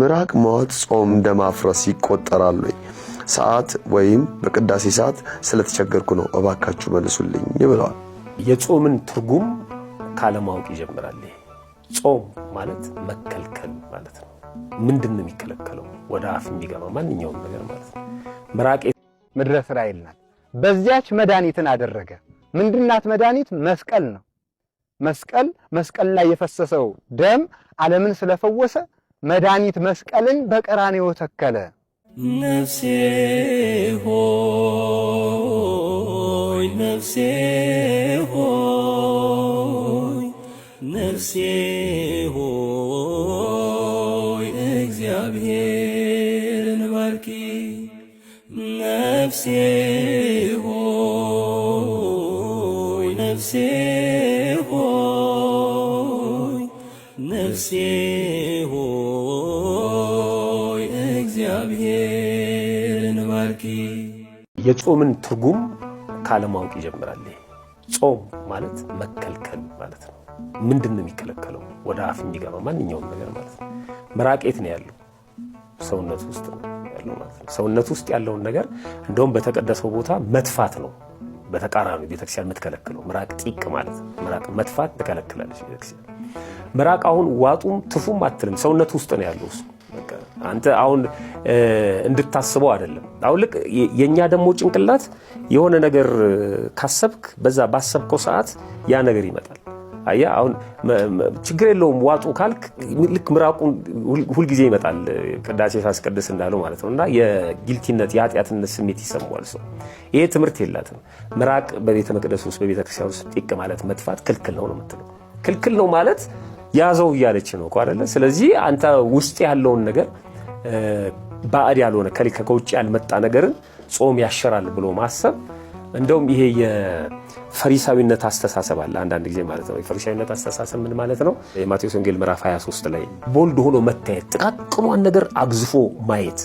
ምራቅ ማወጥ ጾም እንደማፍረስ ይቆጠራል ሰዓት ወይም በቅዳሴ ሰዓት ስለተቸገርኩ ነው እባካችሁ መልሱልኝ ብለዋል። የጾምን ትርጉም ካለማወቅ ይጀምራል። ጾም ማለት መከልከል ማለት ነው። ምንድን ነው የሚከለከለው? ወደ አፍ የሚገባ ማንኛውም ነገር ማለት ነው። ምራቄ ምድረ እስራኤል ናት። በዚያች መድኃኒትን አደረገ። ምንድናት መድኃኒት? መስቀል ነው። መስቀል መስቀል ላይ የፈሰሰው ደም ዓለምን ስለፈወሰ መድኃኒት መስቀልን በቀራንዮ ተከለ። ነፍሴ ሆይ ነፍሴ ሆይ ነፍሴ ሆይ እግዚአብሔርን ባርኪ ነፍሴ ሆይ ነፍሴ ሆይ ነፍሴ የጾምን ትርጉም ካለማወቅ ይጀምራል። ጾም ማለት መከልከል ማለት ነው። ምንድን ነው የሚከለከለው? ወደ አፍ የሚገባ ማንኛውም ነገር ማለት ነው። መራቄት ነው ያለው ሰውነት ውስጥ ነው ያለው ማለት ነው። ሰውነት ውስጥ ያለውን ነገር እንደውም በተቀደሰው ቦታ መትፋት ነው። በተቃራኒ ቤተክርስቲያን የምትከለክለው ምራቅ ጢቅ ማለት ምራቅ መትፋት ትከለክላለች ቤተክርስቲያን። ምራቅ አሁን ዋጡም ትፉም አትልም። ሰውነት ውስጥ ነው ያለው እሱ አንተ አሁን እንድታስበው አይደለም። አሁን ልክ የእኛ ደግሞ ጭንቅላት የሆነ ነገር ካሰብክ በዛ ባሰብከው ሰዓት ያ ነገር ይመጣል። አያ አሁን ችግር የለውም ዋጡ ካልክ ልክ ምራቁን ሁልጊዜ ይመጣል። ቅዳሴ ሳስቀድስ እንዳለው ማለት ነው። እና የጊልቲነት የኃጢአትነት ስሜት ይሰማዋል ሰው። ይሄ ትምህርት የላትም። ምራቅ በቤተ መቅደስ ውስጥ በቤተ ክርስቲያን ውስጥ ጥቅ ማለት መጥፋት ክልክል ነው ነው የምትለው። ክልክል ነው ማለት ያዘው እያለች ነው እኮ አይደለ? ስለዚህ አንተ ውስጥ ያለውን ነገር ባዕድ ያልሆነ ከውጭ ያልመጣ ነገርን ጾም ያሸራል ብሎ ማሰብ እንደውም ይሄ የፈሪሳዊነት አስተሳሰብ አለ አንዳንድ ጊዜ ማለት ነው። የፈሪሳዊነት አስተሳሰብ ምን ማለት ነው? የማቴዎስ ወንጌል ምዕራፍ 23 ላይ ቦልድ ሆኖ መታየት፣ ጥቃቅኗን ነገር አግዝፎ ማየት፣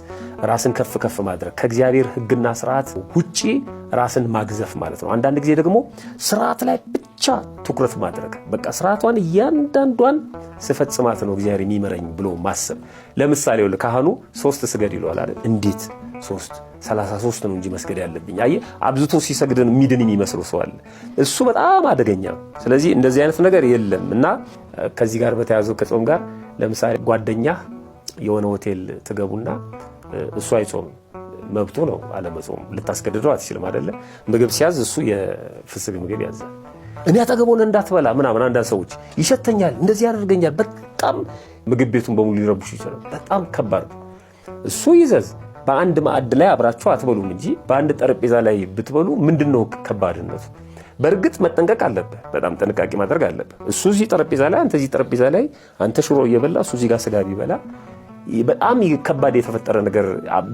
ራስን ከፍ ከፍ ማድረግ፣ ከእግዚአብሔር ሕግና ስርዓት ውጪ ራስን ማግዘፍ ማለት ነው። አንዳንድ ጊዜ ደግሞ ስርዓት ላይ ብቻ ትኩረት ማድረግ፣ በቃ ስርዓቷን እያንዳንዷን ስፈጽማት ነው እግዚአብሔር የሚመረኝ ብሎ ማሰብ። ለምሳሌ ካህኑ ሶስት ስገድ ይለዋል አይደል? እንዴት ሶስት 33 ነው እንጂ መስገድ ያለብኝ። አየህ አብዝቶ ሲሰግድን የሚድን የሚመስለው ሰው አለ። እሱ በጣም አደገኛ ነው። ስለዚህ እንደዚህ አይነት ነገር የለም እና ከዚህ ጋር በተያያዘው ከጾም ጋር ለምሳሌ ጓደኛ የሆነ ሆቴል ትገቡና እሱ አይጾም መብቱ ነው አለመጾም። ልታስገድደው አትችልም አይደለ? ምግብ ሲያዝ እሱ የፍስግ ምግብ ያዛል። እኔ አጠገቦን እንዳትበላ ምናምን አንዳንድ ሰዎች ይሸተኛል፣ እንደዚህ ያደርገኛል። በጣም ምግብ ቤቱን በሙሉ ሊረብሹ ይችላል። በጣም ከባድ ነው። እሱ ይዘዝ በአንድ ማዕድ ላይ አብራችሁ አትበሉም እንጂ በአንድ ጠረጴዛ ላይ ብትበሉ ምንድን ነው ከባድነቱ? በእርግጥ መጠንቀቅ አለብህ። በጣም ጥንቃቄ ማድረግ አለብህ። እሱ እዚህ ጠረጴዛ ላይ፣ አንተ እዚህ ጠረጴዛ ላይ፣ አንተ ሽሮ እየበላ እሱ እዚህ ጋር ስጋ ቢበላ በጣም ከባድ የተፈጠረ ነገር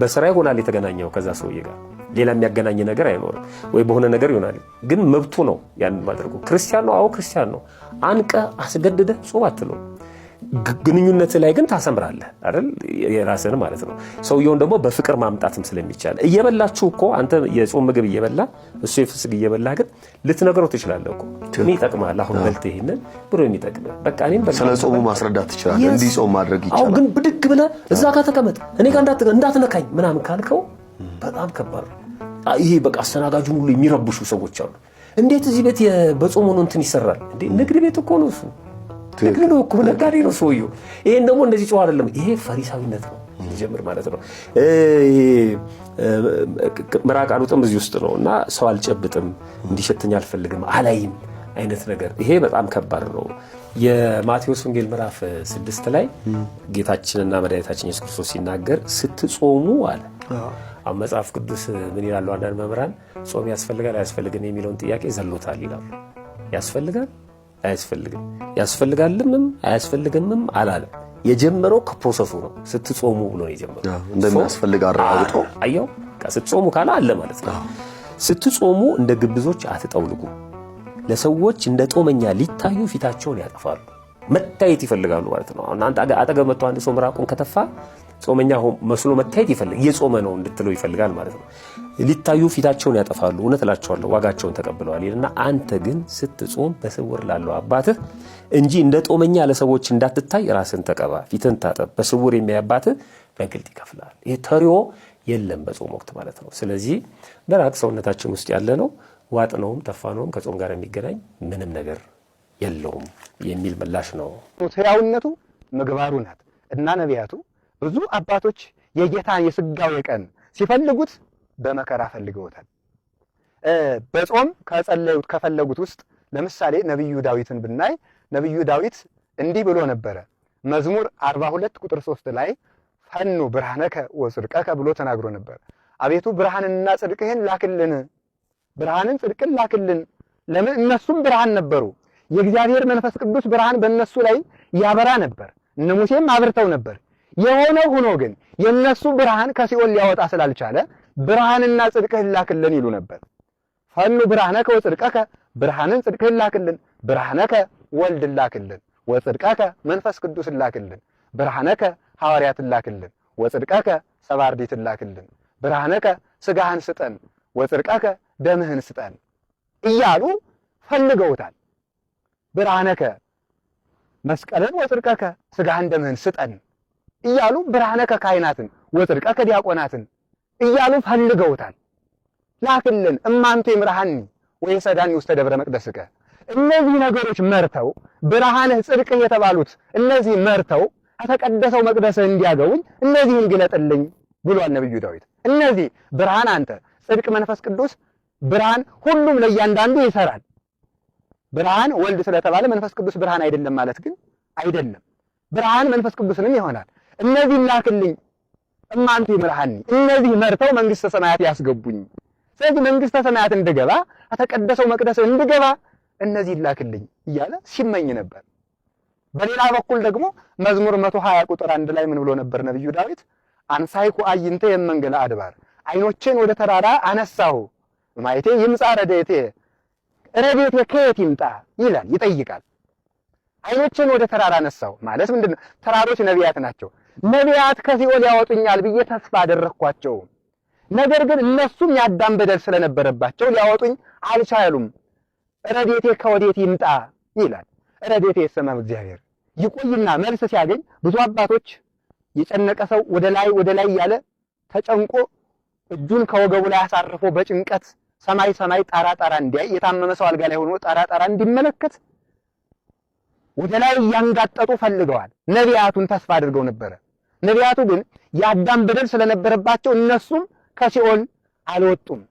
በስራ ይሆናል የተገናኘው ከዛ ሰውዬ ጋር ሌላ የሚያገናኝ ነገር አይኖርም፣ ወይ በሆነ ነገር ይሆናል። ግን መብቱ ነው ያን ማድረጉ። ክርስቲያን ነው፣ አዎ ክርስቲያን ነው። አንቀ አስገድደ ጾም አትለው። ግንኙነት ላይ ግን ታሰምራለህ አይደል? የራስህን ማለት ነው። ሰውየውን ደግሞ በፍቅር ማምጣትም ስለሚቻል እየበላችሁ እኮ አንተ የጾም ምግብ እየበላ እሱ የፍስግ እየበላ ግን ልትነግረው ትችላለህ እኮ እኔ ይጠቅማል አሁን በልት ይሄንን ብሎ የሚጠቅም በቃ ስለ ጾሙ ማስረዳት ትችላለህ። ጾም ማድረግ ይቻላል። ግን ብድግ ብለህ እዛ ጋር ተቀመጥ እኔ ጋር እንዳትነካኝ ምናምን ካልከው በጣም ከባድ ነው። ይሄ በቃ አስተናጋጁን ሁሉ የሚረብሹ ሰዎች አሉ። እንዴት እዚህ ቤት በጾም ሆኖ እንትን ይሰራል? ንግድ ቤት እኮ ነው እሱ ነው እኮ ነጋዴ ነው ሰውየው። ይሄን ደግሞ እንደዚህ ጨዋ አይደለም። ይሄ ፈሪሳዊነት ነው ጀምር ማለት ነው። ምራቅ አሉጥም እዚህ ውስጥ ነው እና ሰው አልጨብጥም፣ እንዲሸተኝ አልፈልግም፣ አላይም አይነት ነገር ይሄ በጣም ከባድ ነው። የማቴዎስ ወንጌል ምዕራፍ ስድስት ላይ ጌታችንና መድኃኒታችን ኢየሱስ ክርስቶስ ሲናገር ስትጾሙ አለ። አሁን መጽሐፍ ቅዱስ ምን ይላሉ? አንዳንድ መምህራን ጾም ያስፈልጋል አያስፈልግም የሚለውን ጥያቄ ዘሎታል ይላሉ። ያስፈልጋል አያስፈልግም ያስፈልጋልምም አያስፈልግምም አላለም። የጀመረው ከፕሮሰሱ ነው። ስትጾሙ ብሎ ነው የጀመረው። እንደሚያስፈልግ አረጋግጦ አየው። ስትጾሙ ካለ አለ ማለት ነው። ስትጾሙ እንደ ግብዞች አትጠውልጉ። ለሰዎች እንደ ጦመኛ ሊታዩ ፊታቸውን ያጠፋሉ። መታየት ይፈልጋሉ ማለት ነው። አሁን አጠገብ መጥቶ አንድ ሰው ምራቁን ከተፋ ጾመኛ መስሎ መታየት ይፈልግ የጾመ ነው እንድትለው ይፈልጋል ማለት ነው። ሊታዩ ፊታቸውን ያጠፋሉ፣ እውነት እላቸዋለሁ ዋጋቸውን ተቀብለዋል ይልና አንተ ግን ስትጾም በስውር ላለው አባትህ እንጂ እንደ ጦመኛ ለሰዎች እንዳትታይ ራስን ተቀባ፣ ፊትን ታጠብ፣ በስውር የሚያይ አባትህ በግልጥ ይከፍላል። ይህ ተሪዮ የለም በጾም ወቅት ማለት ነው። ስለዚህ በራቅ ሰውነታችን ውስጥ ያለ ነው ዋጥ ነውም ተፋ ነውም ከጾም ጋር የሚገናኝ ምንም ነገር የለውም የሚል ምላሽ ነው። ሕያውነቱ ምግባሩ ናት እና ነቢያቱ ብዙ አባቶች የጌታን የስጋው የቀን ሲፈልጉት በመከራ ፈልገውታል። በጾም ከጸለዩት ከፈለጉት ውስጥ ለምሳሌ ነቢዩ ዳዊትን ብናይ ነቢዩ ዳዊት እንዲህ ብሎ ነበረ። መዝሙር 42 ቁጥር 3 ላይ ፈኑ ብርሃነከ ወጽድቀከ ብሎ ተናግሮ ነበር። አቤቱ ብርሃንንና ጽድቅህን ላክልን፣ ብርሃንን ጽድቅን ላክልን። ለምን? እነሱም ብርሃን ነበሩ። የእግዚአብሔር መንፈስ ቅዱስ ብርሃን በእነሱ ላይ ያበራ ነበር። እነ ሙሴም አብርተው ነበር። የሆነ ሆኖ ግን የነሱ ብርሃን ከሲኦል ሊያወጣ ስላልቻለ ብርሃንና ጽድቅህን ላክልን ይሉ ነበር። ፈኑ ብርሃነከ ወጽድቀከ፣ ብርሃንን ጽድቅህን ላክልን። ብርሃነከ ወልድ ላክልን፣ ወጽድቀከ መንፈስ ቅዱስ ላክልን። ብርሃነከ ሐዋርያት ላክልን፣ ወጽድቀከ ሰባርዲት ላክልን። ብርሃነከ ስጋህን ስጠን፣ ወጽድቀከ ደምህን ስጠን እያሉ ፈልገውታል። ብርሃነከ መስቀልን ወጽድቀከ ስጋህን ደምህን ስጠን እያሉ ብርሃነ ከካህናትን ወጽድቀ ከዲያቆናትን እያሉ ፈልገውታል። ላክልን እማንቱ ይምርሃኒ ወይሰዳኒ ውስተ ደብረ መቅደስከ። እነዚህ ነገሮች መርተው ብርሃንህ ጽድቅህ የተባሉት እነዚህ መርተው ከተቀደሰው መቅደስህ እንዲያገቡኝ እነዚህን ግለጥልኝ ብሏል ነብዩ ዳዊት። እነዚህ ብርሃን አንተ ጽድቅ መንፈስ ቅዱስ ብርሃን ሁሉም ለእያንዳንዱ ይሰራል። ብርሃን ወልድ ስለተባለ መንፈስ ቅዱስ ብርሃን አይደለም ማለት ግን አይደለም። ብርሃን መንፈስ ቅዱስንም ይሆናል። እነዚህ ላክልኝ እማንቲ ምርሃኒ እነዚህ መርተው መንግስተ ሰማያት ያስገቡኝ። ስለዚህ መንግስተ ሰማያት እንድገባ አተቀደሰው መቅደስ እንድገባ እነዚህ ላክልኝ እያለ ሲመኝ ነበር። በሌላ በኩል ደግሞ መዝሙር 120 ቁጥር አንድ ላይ ምን ብሎ ነበር ነብዩ ዳዊት? አንሳይኩ አይንተ የመንገለ አድባር፣ አይኖቼን ወደ ተራራ አነሳሁ ማየቴ ይምጻ ረድኤቴ፣ ረድኤቴ ከየት ይምጣ ይላል፣ ይጠይቃል። አይኖቼን ወደ ተራራ አነሳሁ ማለት ምንድነው? ተራሮች ነቢያት ናቸው። ነቢያት ከሲኦል ያወጡኛል ብዬ ተስፋ አደረግኳቸው። ነገር ግን እነሱም የአዳም በደል ስለነበረባቸው ሊያወጡኝ አልቻሉም። ረዴቴ ከወዴት ይምጣ ይላል። ረዴቴ የሰማም እግዚአብሔር ይቆይና መልስ ሲያገኝ ብዙ አባቶች የጨነቀ ሰው ወደ ላይ ወደ ላይ ያለ ተጨንቆ እጁን ከወገቡ ላይ አሳርፎ በጭንቀት ሰማይ ሰማይ ጣራ ጣራ እንዲያይ የታመመ ሰው አልጋ ላይ ሆኖ ጣራ ጣራ እንዲመለከት ወደ ላይ እያንጋጠጡ ፈልገዋል። ነቢያቱን ተስፋ አድርገው ነበረ። ነቢያቱ ግን የአዳም በደል ስለነበረባቸው እነሱም ከሲኦል አልወጡም።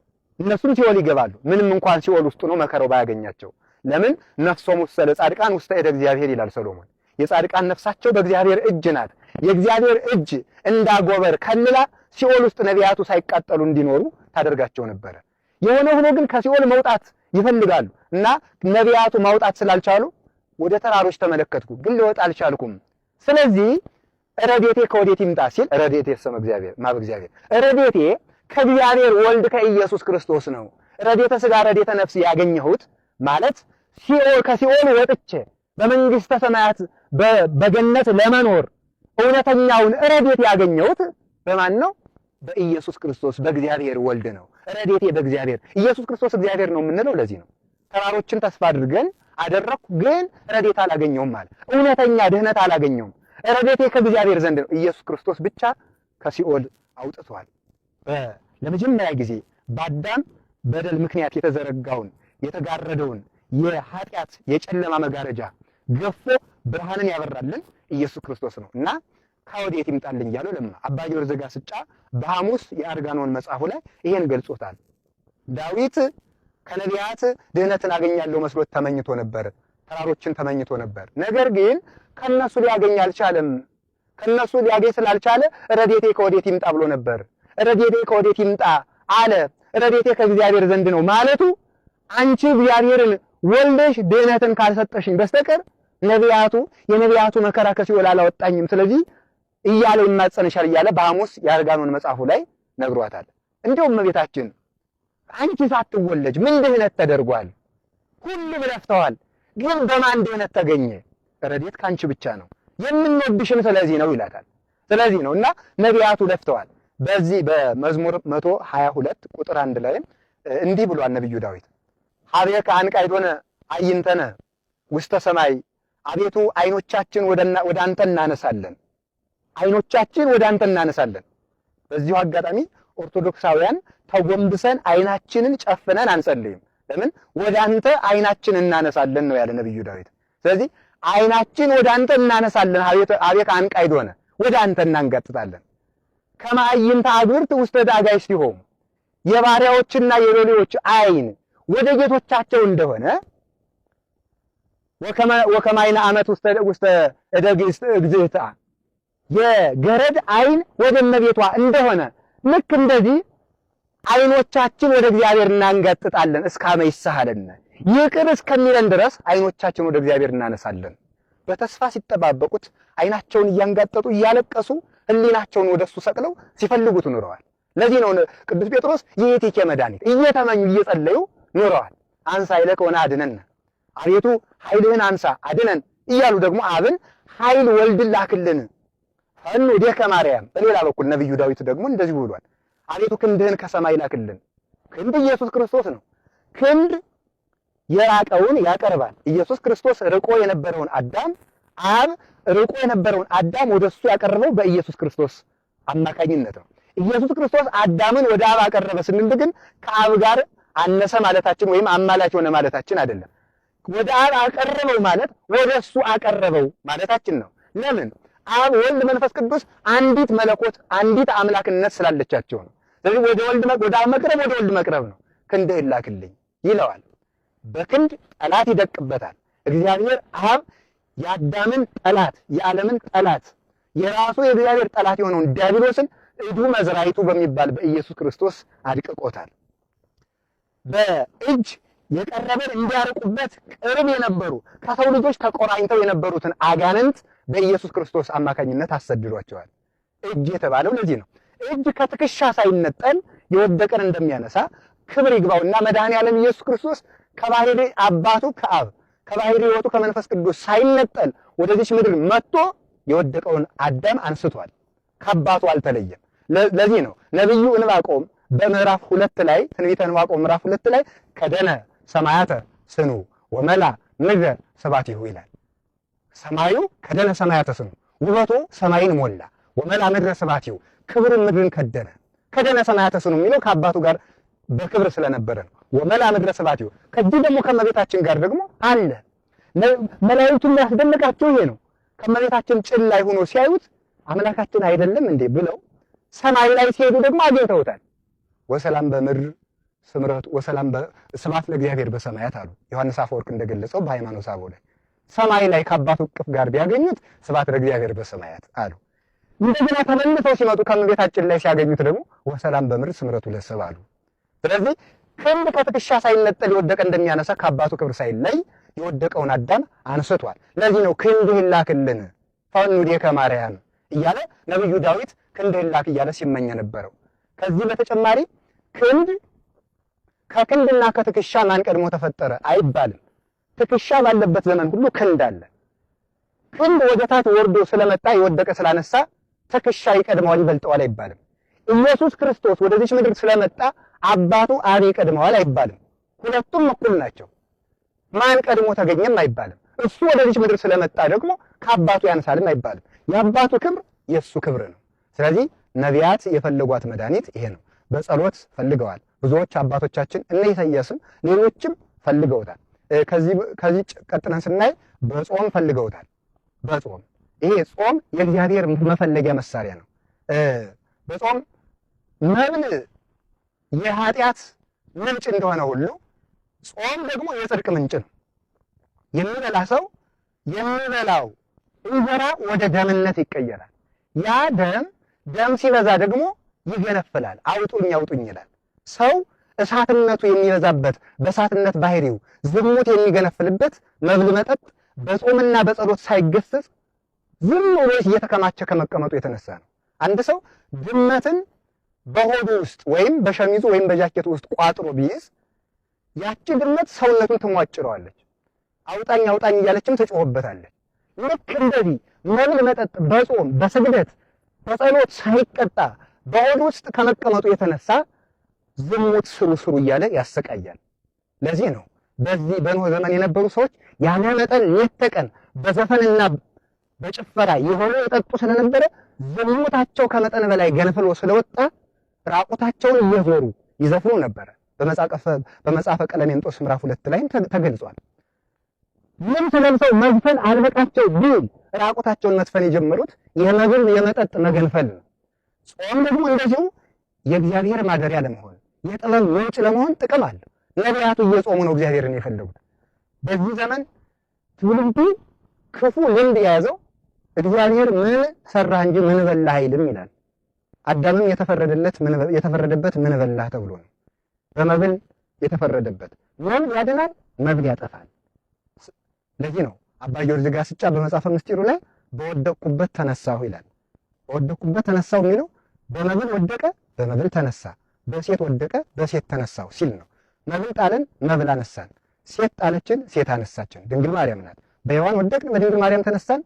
እነሱም ሲኦል ይገባሉ፣ ምንም እንኳን ሲኦል ውስጥ ነው መከራው ባያገኛቸው። ለምን ነፍሶም ውስተ ለጻድቃን ውስተ እደ እግዚአብሔር ይላል ሰሎሞን። የጻድቃን ነፍሳቸው በእግዚአብሔር እጅ ናት። የእግዚአብሔር እጅ እንዳጎበር ከልላ ሲኦል ውስጥ ነቢያቱ ሳይቃጠሉ እንዲኖሩ ታደርጋቸው ነበረ። የሆነ ሆኖ ግን ከሲኦል መውጣት ይፈልጋሉ እና ነቢያቱ ማውጣት ስላልቻሉ ወደ ተራሮች ተመለከትኩ፣ ግን ልወጣ አልቻልኩም። ስለዚህ ረዴቴ ከወዴት ይምጣ ሲል ረዴቴ ሰመ እግዚአብሔር ማበ እግዚአብሔር ረዴቴ ከእግዚአብሔር ወልድ ከኢየሱስ ክርስቶስ ነው። ረዴተ ስጋ ረዴተ ነፍስ ያገኘሁት ማለት ሲኦል ከሲኦል ወጥቼ በመንግስተ ሰማያት በገነት ለመኖር እውነተኛውን ረዴት ያገኘሁት በማን ነው? በኢየሱስ ክርስቶስ በእግዚአብሔር ወልድ ነው። ረዴቴ በእግዚአብሔር ኢየሱስ ክርስቶስ እግዚአብሔር ነው የምንለው ለዚህ ነው። ተራሮችን ተስፋ አድርገን አደረግኩ፣ ግን ረዴት አላገኘውም አለ። እውነተኛ ድህነት አላገኘውም። ረዴቴ ከእግዚአብሔር ዘንድ ነው። ኢየሱስ ክርስቶስ ብቻ ከሲኦል አውጥቷል። ለመጀመሪያ ጊዜ በአዳም በደል ምክንያት የተዘረጋውን የተጋረደውን የኃጢአት የጨለማ መጋረጃ ገፎ ብርሃንን ያበራልን ኢየሱስ ክርስቶስ ነው እና ከወዴት ይምጣልኝ እያለው ለምን አባ ጊዮርጊስ ዘጋስጫ በሐሙስ የአርጋኖን መጽሐፉ ላይ ይሄን ገልጾታል። ዳዊት ከነቢያት ድህነትን አገኛለሁ መስሎት ተመኝቶ ነበር። ተራሮችን ተመኝቶ ነበር። ነገር ግን ከነሱ ሊያገኝ አልቻለም። ከነሱ ሊያገኝ ስላልቻለ ረዴቴ ከወዴት ይምጣ ብሎ ነበር። ረዴቴ ከወዴት ይምጣ አለ። ረዴቴ ከእግዚአብሔር ዘንድ ነው ማለቱ አንቺ እግዚአብሔርን ወልደሽ ድህነትን ካልሰጠሽኝ በስተቀር ነቢያቱ የነቢያቱ መከራ ከሲኦል አላወጣኝም፣ ስለዚህ እያለ ይማጸንሻል እያለ በሐሙስ የአርጋኖን መጽሐፉ ላይ ነግሯታል። እንዲሁም እመቤታችን አንቺ ሳትወለጅ ምን ድህነት ተደርጓል? ሁሉም ለፍተዋል። ግን በማን ድህነት ተገኘ? ረዴት ከአንቺ ብቻ ነው የምንወድሽም ስለዚህ ነው ይላታል። ስለዚህ ነው እና ነቢያቱ ለፍተዋል። በዚህ በመዝሙር 122 ቁጥር አንድ ላይም እንዲህ ብሏል ነቢዩ ዳዊት ሀቤከ አንቃይዶነ አይንተነ ውስተ ሰማይ፣ አቤቱ አይኖቻችን ወደ አንተ እናነሳለን። አይኖቻችን ወደ አንተ እናነሳለን። በዚሁ አጋጣሚ ኦርቶዶክሳውያን ተጎንብሰን አይናችንን ጨፍነን አንጸልይም። ለምን? ወደ አንተ አይናችን እናነሳለን ነው ያለ ነብዩ ዳዊት። ስለዚህ አይናችን ወደ አንተ እናነሳለን፣ አቤት አንቃይድ ሆነ ወደ አንተ እናንጋጥጣለን። ከማዕይንተ አግብርት ውስተ አጋዕዝት ሲሆን የባሪያዎችና የሎሌዎች አይን ወደ ጌቶቻቸው እንደሆነ ወከመ ዓይነ አመት ውስተ እደ እግዝእትሃ የገረድ አይን ወደ እመቤቷ እንደሆነ ልክ እንደዚህ አይኖቻችን ወደ እግዚአብሔር እናንጋጥጣለን። እስካመ ይሳሃለነ ይቅር እስከሚለን ድረስ አይኖቻችን ወደ እግዚአብሔር እናነሳለን። በተስፋ ሲጠባበቁት አይናቸውን እያንጋጠጡ እያለቀሱ ወደ ወደሱ ሰቅለው ሲፈልጉት ኑረዋል። ለዚህ ነው ቅዱስ ጴጥሮስ የየቴኬ መድኃኒት እየተመኙ እየጸለዩ ኑረዋል። አንሳ ይለቅ ሆነ አድነን፣ አቤቱ ኃይልህን አንሳ አድነን እያሉ ደግሞ አብን ኃይል ወልድን ላክልን እንዴህ ከማርያም በሌላ በኩል ነቢዩ ዳዊት ደግሞ እንደዚሁ ብሏል። አቤቱ ክንድህን ከሰማይ ላክልን። ክንድ ኢየሱስ ክርስቶስ ነው። ክንድ የራቀውን ያቀርባል። ኢየሱስ ክርስቶስ ርቆ የነበረውን አዳም አብ ርቆ የነበረውን አዳም ወደ እሱ ያቀረበው በኢየሱስ ክርስቶስ አማካኝነት ነው። ኢየሱስ ክርስቶስ አዳምን ወደ አብ አቀረበ ስንል ግን ከአብ ጋር አነሰ ማለታችን ወይም አማላች ሆነ ማለታችን አይደለም። ወደ አብ አቀረበው ማለት ወደ እሱ አቀረበው ማለታችን ነው። ለምን አብ፣ ወልድ፣ መንፈስ ቅዱስ አንዲት መለኮት አንዲት አምላክነት ስላለቻቸው ነው። ስለዚህ ወደ ወልድ ወደ አብ መቅረብ ወደ ወልድ መቅረብ ነው። ክንድህ ላክልኝ ይለዋል። በክንድ ጠላት ይደቅበታል። እግዚአብሔር አብ የአዳምን ጠላት የዓለምን ጠላት የራሱ የእግዚአብሔር ጠላት የሆነውን ዲያብሎስን እዱ መዝራይቱ በሚባል በኢየሱስ ክርስቶስ አድቅቆታል። በእጅ የቀረበን እንዲያርቁበት ቅርብ የነበሩ ከሰው ልጆች ተቆራኝተው የነበሩትን አጋንንት በኢየሱስ ክርስቶስ አማካኝነት አሰድዷቸዋል። እጅ የተባለው ለዚህ ነው። እጅ ከትከሻ ሳይነጠል የወደቀን እንደሚያነሳ ክብር ይግባውና መድን ያለም ኢየሱስ ክርስቶስ ከባሕሪ አባቱ ከአብ ከባሕሪ ሕይወቱ ከመንፈስ ቅዱስ ሳይነጠል ወደዚች ምድር መጥቶ የወደቀውን አዳም አንስቷል። ከአባቱ አልተለየም። ለዚህ ነው ነቢዩ እንባቆም በምዕራፍ ሁለት ላይ ትንቢተ ዕንባቆም ምዕራፍ ሁለት ላይ ከደነ ሰማያተ ስኑ ወመላ ምድረ ሰባቲሁ ይላል። ሰማዩ ከደነ ሰማያተስ ውበቱ ሰማይን ሞላ። ወመላ ምድረ ስባትው ክብር ምድርን ከደነ ከደነ ሰማያተስ ነው የሚለው ከአባቱ ጋር በክብር ስለነበረ ነው። ወመላ ምድረ ስባትው ከዚህ ደግሞ ከመቤታችን ጋር ደግሞ አለ። መላእክቱ የሚያስደንቃቸው ይሄ ነው። ከመቤታችን ጭን ላይ ሆኖ ሲያዩት አምላካችን አይደለም እንዴ ብለው ሰማይ ላይ ሲሄዱ ደግሞ አግኝተውታል። ወሰላም በምድር ስምረቱ ወሰላም ስብሐት ለእግዚአብሔር በሰማያት አሉ። ዮሐንስ አፈወርቅ እንደገለጸው በሃይማኖት አበው ላይ ሰማይ ላይ ከአባቱ እቅፍ ጋር ቢያገኙት ስብሐት ለእግዚአብሔር በሰማያት አሉ። እንደገና ተመልሰው ሲመጡ ከእመቤታችን ላይ ሲያገኙት ደግሞ ወሰላም በምድር ስምረቱ ለሰብእ አሉ። ስለዚህ ክንድ ከትከሻ ሳይነጠል የወደቀ እንደሚያነሳ ከአባቱ ክብር ሳይለይ የወደቀውን አዳም አንስቷል። ለዚህ ነው ክንድህን ላክልን ፈኑዴከ ማርያም እያለ ነቢዩ ዳዊት ክንድህን ላክ እያለ ሲመኝ ነበረው። ከዚህ በተጨማሪ ክንድ ከክንድና ከትከሻ ማን ቀድሞ ተፈጠረ አይባልም። ትከሻ ባለበት ዘመን ሁሉ ክንድ አለ። ክንድ ወደታት ወርዶ ስለመጣ የወደቀ ስላነሳ ትከሻ ይቀድመዋል ይበልጠዋል አይባልም። ኢየሱስ ክርስቶስ ወደዚች ምድር ስለመጣ አባቱ አብ ይቀድመዋል አይባልም። ሁለቱም እኩል ናቸው። ማን ቀድሞ ተገኘም አይባልም። እሱ ወደዚች ምድር ስለመጣ ደግሞ ከአባቱ ያነሳልም አይባልም። የአባቱ ክብር የእሱ ክብር ነው። ስለዚህ ነቢያት የፈለጓት መድኃኒት ይሄ ነው። በጸሎት ፈልገዋል ብዙዎች አባቶቻችን፣ እነ ኢሳያስም ሌሎችም ፈልገውታል። ከዚህ ቀጥለን ስናይ በጾም ፈልገውታል። በጾም ይሄ ጾም የእግዚአብሔር መፈለጊያ መሳሪያ ነው። በጾም መብል የኃጢአት ምንጭ እንደሆነ ሁሉ ጾም ደግሞ የጽድቅ ምንጭ ነው። የሚበላ ሰው የሚበላው እንጀራ ወደ ደምነት ይቀየራል። ያ ደም ደም ሲበዛ ደግሞ ይገነፍላል። አውጡኝ አውጡኝ ይላል ሰው እሳትነቱ የሚበዛበት በእሳትነት ባህሪው ዝሙት የሚገነፍልበት መብል መጠጥ በጾምና በጸሎት ሳይገሰጽ ዝም ብሎ እየተከማቸ ከመቀመጡ የተነሳ ነው። አንድ ሰው ድመትን በሆዱ ውስጥ ወይም በሸሚዙ ወይም በጃኬቱ ውስጥ ቋጥሮ ቢይዝ ያቺ ድመት ሰውነቱን ትሟጭረዋለች። አውጣኝ አውጣኝ እያለችም ትጮህበታለች። ልክ እንደዚህ መብል መጠጥ በጾም በስግደት በጸሎት ሳይቀጣ በሆዱ ውስጥ ከመቀመጡ የተነሳ ዝሙት ስሩ ስሩ እያለ ያሰቃያል። ለዚህ ነው በዚህ በኖህ ዘመን የነበሩ ሰዎች ያለ መጠን ሌት ተቀን በዘፈንና በጭፈራ የሆነ የጠጡ ስለነበረ ዝሙታቸው ከመጠን በላይ ገንፍሎ ስለወጣ ራቁታቸውን እየዞሩ ይዘፍኑ ነበረ። በመጽሐፈ ቀለሜንጦስ ምዕራፍ ሁለት ላይም ተገልጿል። ልብስ ለብሰው መዝፈን አልበቃቸው ቢል ራቁታቸውን መዝፈን የጀመሩት የምግብ የመጠጥ መገንፈል ነው። ጾም ደግሞ እንደዚሁ የእግዚአብሔር ማደሪያ ለመሆን የጥበብ ምንጭ ለመሆን ጥቅም አለው። ነቢያቱ እየጾሙ ነው እግዚአብሔርን የፈለጉት። በዚህ ዘመን ትውልዱ ክፉ ልምድ የያዘው እግዚአብሔር ምን ሰራ እንጂ ምን በላ አይልም ይላል። አዳምም የተፈረደበት ምን በላ ተብሎ ነው። በመብል የተፈረደበት ወልድ ያድናል፣ መብል ያጠፋል። ለዚህ ነው አባ ጊዮርጊስ ዘጋስጫ በመጽሐፈ ምስጢሩ ላይ በወደቅኩበት ተነሳሁ ይላል። በወደቅኩበት ተነሳሁ የሚለው በመብል ወደቀ፣ በመብል ተነሳ በሴት ወደቀ በሴት ተነሳው ሲል ነው። መብል ጣልን መብል አነሳን፣ ሴት ጣለችን ሴት አነሳችን ድንግል ማርያም ናት። በሔዋን ወደቅን በድንግል ማርያም ተነሳን።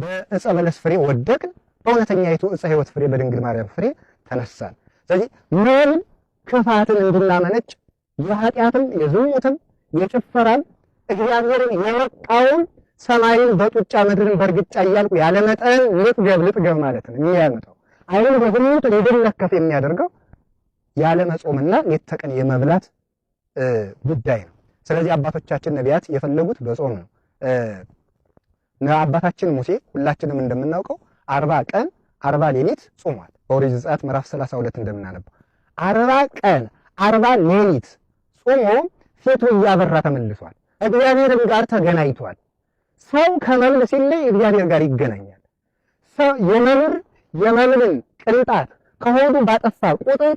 በእፀ በለስ ፍሬ ወደቅን በእውነተኛይቱ እፀ ሕይወት ፍሬ በድንግል ማርያም ፍሬ ተነሳን። ስለዚህ መብል ክፋትን እንድናመነጭ የኃጢአትም የዝሙትም የጭፈራም እግዚአብሔርን የወቃውን ሰማይን በጡጫ ምድርን በእርግጫ እያልኩ ያለመጠን ልጥገብ ልጥገብ ማለት ነው የሚያመጣው አይን በዝሙት እንድንለከፍ የሚያደርገው ያለ መጾምና ሌት ተቀን የመብላት ጉዳይ ነው። ስለዚህ አባቶቻችን ነቢያት የፈለጉት በጾም ነው። አባታችን ሙሴ ሁላችንም እንደምናውቀው አርባ ቀን አርባ ሌሊት ጾሟል። በኦሪት ዘጸአት ምዕራፍ 32 ሁለት እንደምናነበው አርባ ቀን አርባ ሌሊት ጾሞ ፊቱ እያበራ ተመልሷል። እግዚአብሔርም ጋር ተገናኝቷል። ሰው ከመብል ሲለይ እግዚአብሔር ጋር ይገናኛል። ሰው የመብል የመብልን ቅንጣት ከሆዱ ባጠፋ ቁጥር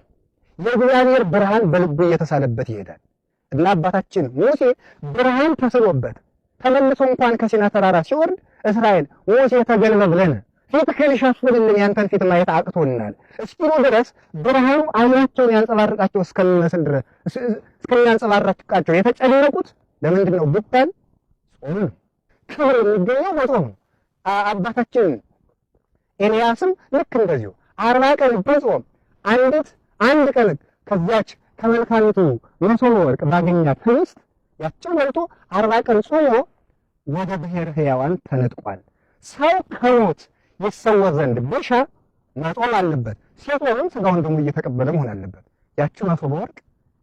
የእግዚአብሔር ብርሃን በልቡ እየተሳለበት ይሄዳል እና አባታችን ሙሴ ብርሃን ተስሎበት ተመልሶ እንኳን ከሲና ተራራ ሲወርድ እስራኤል ሙሴ ተገልበብ ብለን ፊት ሸፍንልን ያንተን ፊት ማየት አቅቶናል እስኪሉ ድረስ ብርሃኑ አይናቸውን ያንጸባርቃቸው እስከሚመስል ድረስ እስከሚያንጸባርቃቸው የተጨነቁት ለምንድን ነው ብታል ጾም ክብር የሚገኘው በጾም ነው። አባታችን ኤልያስም ልክ እንደዚሁ አርባ ቀን በጾም አንዲት አንድ ቀን ከዛች ከመልካሚቱ መሶበ ወርቅ ባገኛት ህብስት ያቸው በልቶ አርባ ቀን ጾሞ ወደ ብሔር ህያዋን ተነጥቋል። ሰው ከሞት ይሰወር ዘንድ በሻ መጦም አለበት። ሲጦምም ስጋውን ደግሞ እየተቀበለ መሆን አለበት። ያቺ መሶበ ወርቅ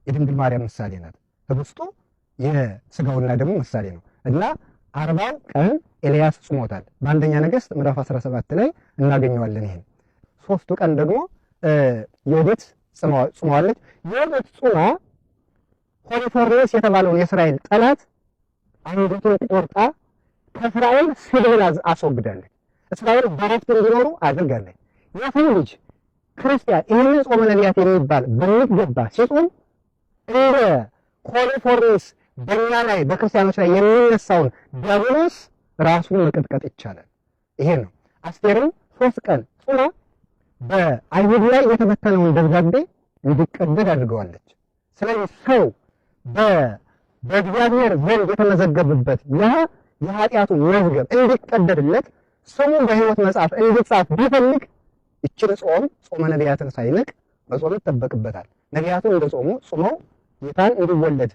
የድንግል ማርያም ምሳሌ ናት። ህብስቱ የስጋውና ደግሞ ምሳሌ ነው እና አርባው ቀን ኤልያስ ጾሞታል። በአንደኛ ነገሥት ምዕራፍ 17 ላይ እናገኘዋለን። ይሄን ሶስቱ ቀን ደግሞ የወዴት ጽማለች የሆነች ጽሟ ኮሪፎርኒስ የተባለውን የእስራኤል ጠላት አንገቱን ቆርጣ ከእስራኤል ስቤን አስወግዳለች። እስራኤል በረፍት እንዲኖሩ አድርጋለች። የሰው ልጅ ክርስቲያን ይህንን ጾመ ነቢያት የሚባል በሚገባ ሲጾም እንደ ኮሪፎርኒስ በእኛ ላይ በክርስቲያኖች ላይ የሚነሳውን ዲያብሎስ ራሱን መቀጥቀጥ ይቻላል። ይሄ ነው። አስቴርም ሶስት ቀን ጾማ በአይሁድ ላይ የተበተነውን ደብዳቤ እንዲቀደድ አድርገዋለች። ስለዚህ ሰው በእግዚአብሔር ዘንድ የተመዘገበበት ያ የኃጢአቱ መዝገብ እንዲቀደድለት ስሙ በሕይወት መጽሐፍ እንዲጻፍ ቢፈልግ እችን ጾም ጾመ ነቢያትን ሳይንቅ መጾም ይጠበቅበታል። ነቢያቱን እንደ ጾሙ ጾመው ጌታን እንዲወለድ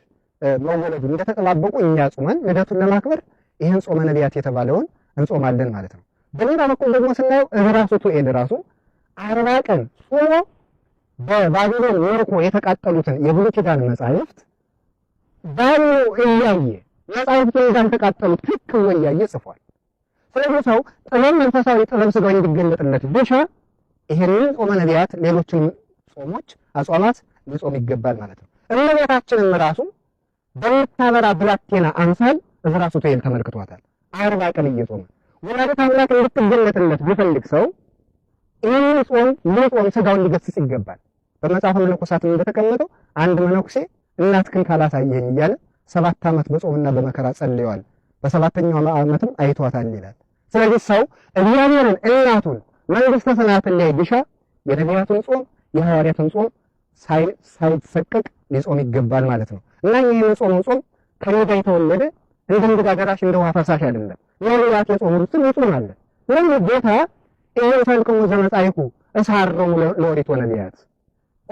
መወለዱ እንደተጠባበቁ እኛ ጾመን ልደቱን ለማክበር ይህን ጾመ ነቢያት የተባለውን እንጾማለን ማለት ነው። በሌላ በኩል ደግሞ ስናየው እዝራ ቱኤል ራሱ አርባ ቀን ጾሞ በባቢሎን ወርኮ የተቃጠሉትን የብሉይ ኪዳን መጻሕፍት ባሉ እያየ መጻሕፍቱን እንዳልተቃጠሉት ትክ እያየ ጽፏል። ስለዚህ ሰው ጥበብ መንፈሳዊ ጥበብ ስጋ እንዲገለጥለት ብሻ ይሄንን ጾመ ነቢያት ሌሎችን ጾሞች አጽዋማት ሊጾም ይገባል ማለት ነው። እመቤታችንም ራሱ በምታበራ ብላቴና አምሳል እዝራ ሱቱኤል ተመልክቷታል። አርባ ቀን እየጾመ ወላዲተ አምላክ እንድትገለጥለት ቢፈልግ ሰው ይህንን ጾም ለጾም ስጋውን ሊገስጽ ይገባል። በመጽሐፈ መነኮሳት እንደተቀመጠው አንድ መነኩሴ እናትክን ካላሳየኝ እያለ ሰባት ዓመት በጾምና በመከራ ጸልየዋል። በሰባተኛው ዓመትም አይቷታል ይላል። ስለዚህ ሰው እግዚአብሔርን እናቱን መንግሥተ ሰማያትን ላይ ቢሻ የነቢያቱን ጾም የሐዋርያትን ጾም ሳይሰቀቅ ሊጾም ይገባል ማለት ነው እና ይህ የጾመው ጾም ከሜዳ የተወለደ እንደ እንግዳ ደራሽ እንደ ውሃ ፈሳሽ አይደለም። ነቢያት የጾሙትን ይጾማሉ። ስለዚህ ጌታ ይፈልቅሙ ዘመጻይኩ እሳረሙ ለኦሪት ወነቢያት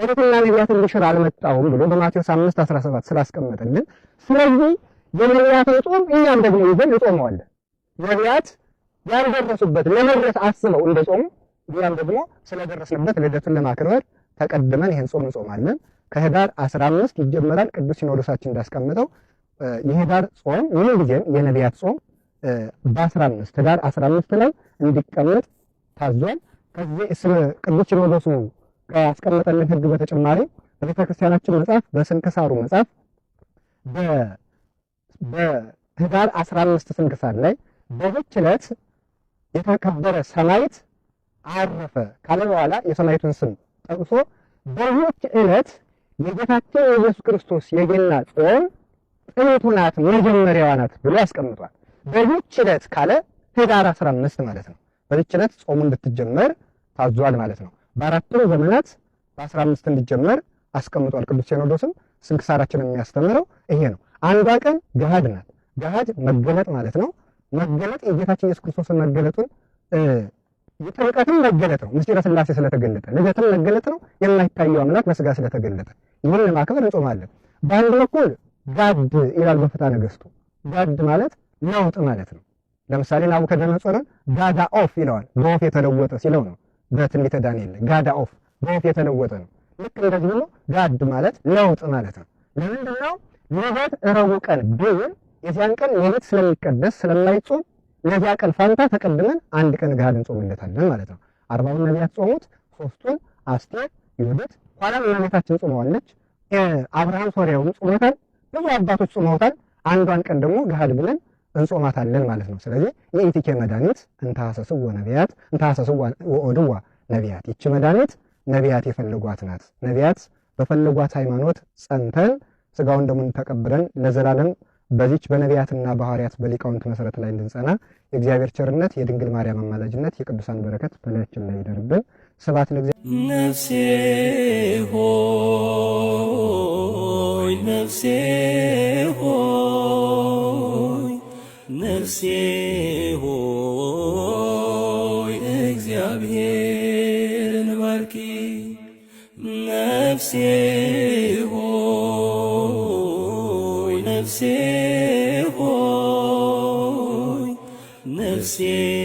ኦሪትና ነቢያትን ልሽር አልመጣውም ብሎ በማቴዎስ 5 17 ስላስቀመጠልን፣ ስለዚህ የነቢያትን ጾም እኛም ደግሞ ይዘን እጾመዋለን። ነቢያት ያልደረሱበት ለመድረስ አስበው እንደ ጾሙ እኛም ደግሞ ስለደረስንበት ልደቱን ለማክበር ተቀድመን ይህን ጾም እንጾማለን። ከህዳር 15 ይጀመራል። ቅዱስ ሲኖዶሳችን እንዳስቀመጠው የህዳር ጾም ምን ጊዜም የነቢያት ጾም በ15 ህዳር 15 ላይ እንዲቀመጥ ታዟል። ከዚህ ቅዱስ ሲኖዶሱ ያስቀመጠልን ሕግ በተጨማሪ በቤተ ክርስቲያናችን መጽሐፍ በስንክሳሩ መጽሐፍ በህዳር 15 ስንክሳር ላይ በዚች ዕለት የተከበረ ሰማዕት አረፈ ካለ በኋላ የሰማዕቱን ስም ጠቅሶ በዚች ዕለት የጌታችን የኢየሱስ ክርስቶስ የገና ጾም ጥንቱ ናት፣ መጀመሪያዋ ናት ብሎ ያስቀምጧል። በዚች ዕለት ካለ ህዳር 15 ማለት ነው። በዚች ዕለት ጾሙ እንድትጀመር ታዟል ማለት ነው። በአራቱ ዘመናት በአስራ አምስት እንዲጀመር አስቀምጧል። ቅዱስ ሲኖዶስም ስንክሳራችን የሚያስተምረው ይሄ ነው። አንዷ ቀን ገሃድ ናት። ገሃድ መገለጥ ማለት ነው። መገለጥ የጌታችን ኢየሱስ ክርስቶስን መገለጡን የጥምቀትም መገለጥ ነው። ምስጢረ ስላሴ ስለተገለጠ፣ ልደትም መገለጥ ነው። የማይታየው አምላክ በስጋ ስለተገለጠ ይህን ለማክበር እንጾማለን። በአንድ በኩል ጋድ ይላል በፍትሐ ነገሥቱ። ጋድ ማለት ነውጥ ማለት ነው። ለምሳሌ ናቡከደነጾርን ጋዳ ኦፍ ይለዋል። በወፍ የተለወጠ ሲለው ነው። በትንቢተ ዳንኤል ጋዳ ኦፍ በወፍ የተለወጠ ነው። ልክ እንደዚህ ብሎ ጋድ ማለት ለውጥ ማለት ነው። ለምንድን ነው ለሆድ ረቡዕ ቀን ብይን የዚያን ቀን ሌሊት ስለሚቀደስ ስለማይጾም ለዚያ ቀን ፋንታ ተቀድመን አንድ ቀን ጋድ እንጾምለታለን ማለት ነው። አርባውን ነቢያት ጾሙት፣ ሶስቱን አስቴር፣ ዮዲት ኋላም እመቤታችን ጾመዋለች። አብርሃም ሶሪያውም ጾሞታል። ብዙ አባቶች ጾመውታል። አንዷን ቀን ደግሞ ገሃድ ብለን እንጾማታለን ማለት ነው። ስለዚህ የኢቲኬ መድኃኒት እንታሰስዎ ነቢያት እንታሰስዎ ወኦድዋ ነቢያት፣ ይቺ መድኃኒት ነቢያት የፈለጓት ናት። ነቢያት በፈለጓት ሃይማኖት ጸንተን ስጋውን ደሙን ተቀብለን ለዘላለም በዚች በነቢያትና በሐዋርያት በሊቃውንት መሰረት ላይ እንድንጸና የእግዚአብሔር ቸርነት የድንግል ማርያም አማላጅነት የቅዱሳን በረከት በላያችን ላይ ይደርብን። ስብሐት ለእግዚአብሔር። ነፍሴ ሆይ ነፍሴ ሆይ ነፍሴ ሆይ እግዚአብሔርን ባርኪ፣ ነፍሴ ሆይ ነፍሴ ሆይ ነፍሴ